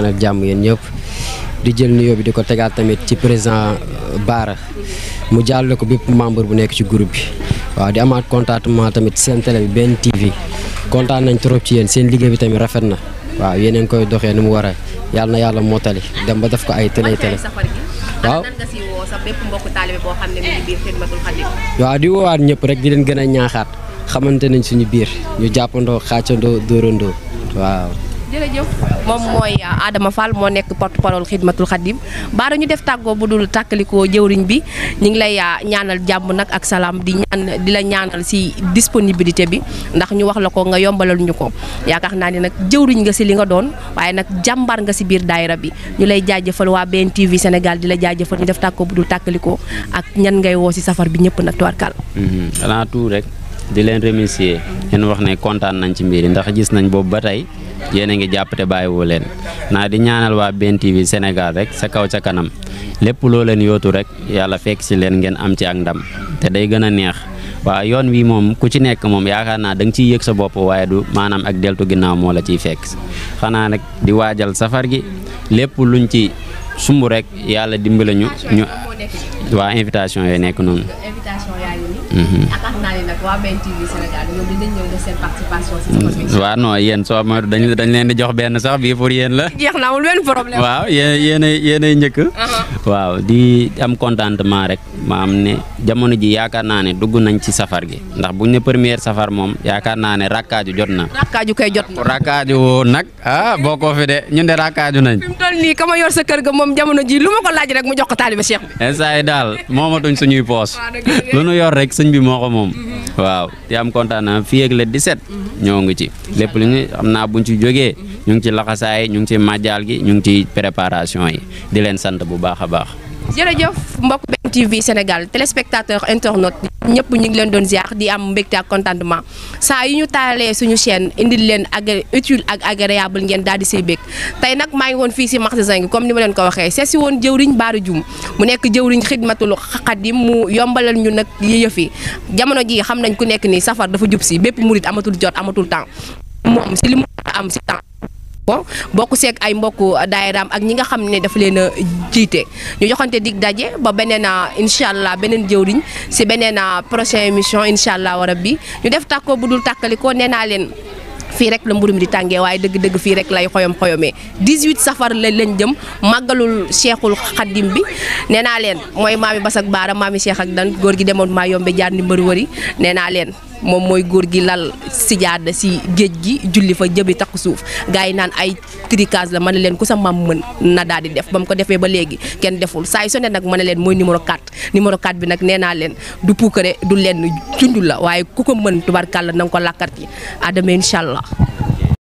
ànd ak jamm yeen ñëpp di jël nuyo bi diko tégal tamit ci président euh, bar mu jallu ko bëpp membre bu nekk ci groupe bi wa di amaat contact ma tamit sen télé ben TV kontaan nañ trop ci yeen sen liggéey bi tamit rafet na wa yeen ngi koy doxé nu mu wara yalla na yalla mo tali dem ba def ko ay télé télé. waaw waaw di woowaat ñëpp rek di leen gëna ñaaxaat xamante suñu biir ñu jappando xaccando dorondo waaw jërëjëf moom mooy Adama Fall moo nekk porte parole xidmatul xadim baara ñu def tàggoo bu dul tàkkalikoo bi ñu ngi lay ah, ñaanal jàmm ak salam di ñaan ñaanal si disponibilité bi ndax ñu wax la ko nga yombalal ñu ko yaakaar naa ne nag nga si li nga doon waaye nag nga si biir bi ñu lay jaajëfal waa BNTV tv di la jaajëfal ñu def tàggoo bu dul ak ñan ngay woo si safar bi ñëpp nag tuwarkal avant mhm. tout rek di leen remercier leen wax ne kontaan nañ ci ndax gis nañ yéen a ngi jàpp te bàyyiwu leen naa di ñaanal waa Ben TV Sénégal rek sa kaw ca kanam lépp loo leen yootu rek yàlla fekk si leen ngeen am ci ak ndam te day gën a neex waaw yoon wi moom ku ci nekk moom yaakaar naa da ciy yëg sa bopp waaye du maanaam ak deltu ginnaaw moo la ciy fekk xanaa rek di waajal safar gi lépp luñ ci sumb rek yàlla dimbali ñu ñu waa invitation yooyu nekk noonu. akan nanya naa nag waa BNTV Sénégal ñoom dinañ ñëw def seen participation soalnya sa waaw non yéen soo ma dañu dañ leen di jox benn sax Wow, iya iya la. iya na amul Wow, uh-huh. di am contentement rek maam ne jamono ji yaakaar naa ne dugg safar gi ndax buñ safar moom yaakaar naa Raka rakkaaju jot na. rakkaaju kay ah boo fede, fi de ñun de rakkaaju nañ. fi mu toll nii lu ma ko laaj rek mu jox ko taaliba lu rek sëñ bi moo ko moom waaw te am kontaan na fii ak le 17 mhm. ñoo ngi ci lépp li ñu xam naa buñ ci jógee mhm. ñu ngi ci laxasaay ñu ngi ci màjjaal gi ñu ngi ci préparation yi di leen sant bu baax a baax jërëjëf mbokk BM TV Sénégal téléspectateur internaute ñëpp ñu ngi leen doon ziar di am mbégte ak contentement saa yu ñu taalee suñu chaîne indi leen agré utile ak agréable ngeen daal di say bég tey nag maa ngi woon fii si marché Zinc comme ni ma leen ko waxee seesi woon jëwriñ Bara Dioum mu nekk jëwriñ xidmatul xadim mu yombalal ñu nag yëf yi jamono ji xam nañ ku nekk ni safar dafa jub si bépp murit amatul jot amatul temps moom si li am si temps ko bokk seek ay mbokku daayiraam ak ñi nga xam ne dafa leen a jiite ñu joxante dig daje ba beneen incha allah beneen jëwriñ si beneen prochaine émission incha allah rabbi ñu def tàkkoo bu dul tàkkalikoo nee naa leen fii rek la mburu mi di tàngee waaye dëgg-dëgg fii rek lay xoyom xoyomee 18 safar la lañ jëm màggalul cheikhul xadim bi nee naa leen mooy maami Basak Baara maami Cheikh ak dan góor gi demoon maa yombe jaar ni mbër wëri nee naa leen moom mooy góor gi lal sijaada si géej gi julli fa jëbi takku suuf gars yi naan ay tricage la ma leen ku sa maam mën na daal di def ba mu ko defee ba léegi kenn deful saa yu sonné nag ma ne leen mooy numéro 4 numéro 4 bi nag nee naa leen du puukare du lenn jundu la waaye ku ko mën tubarkàlla na nga ko làkkat yi adama incha allah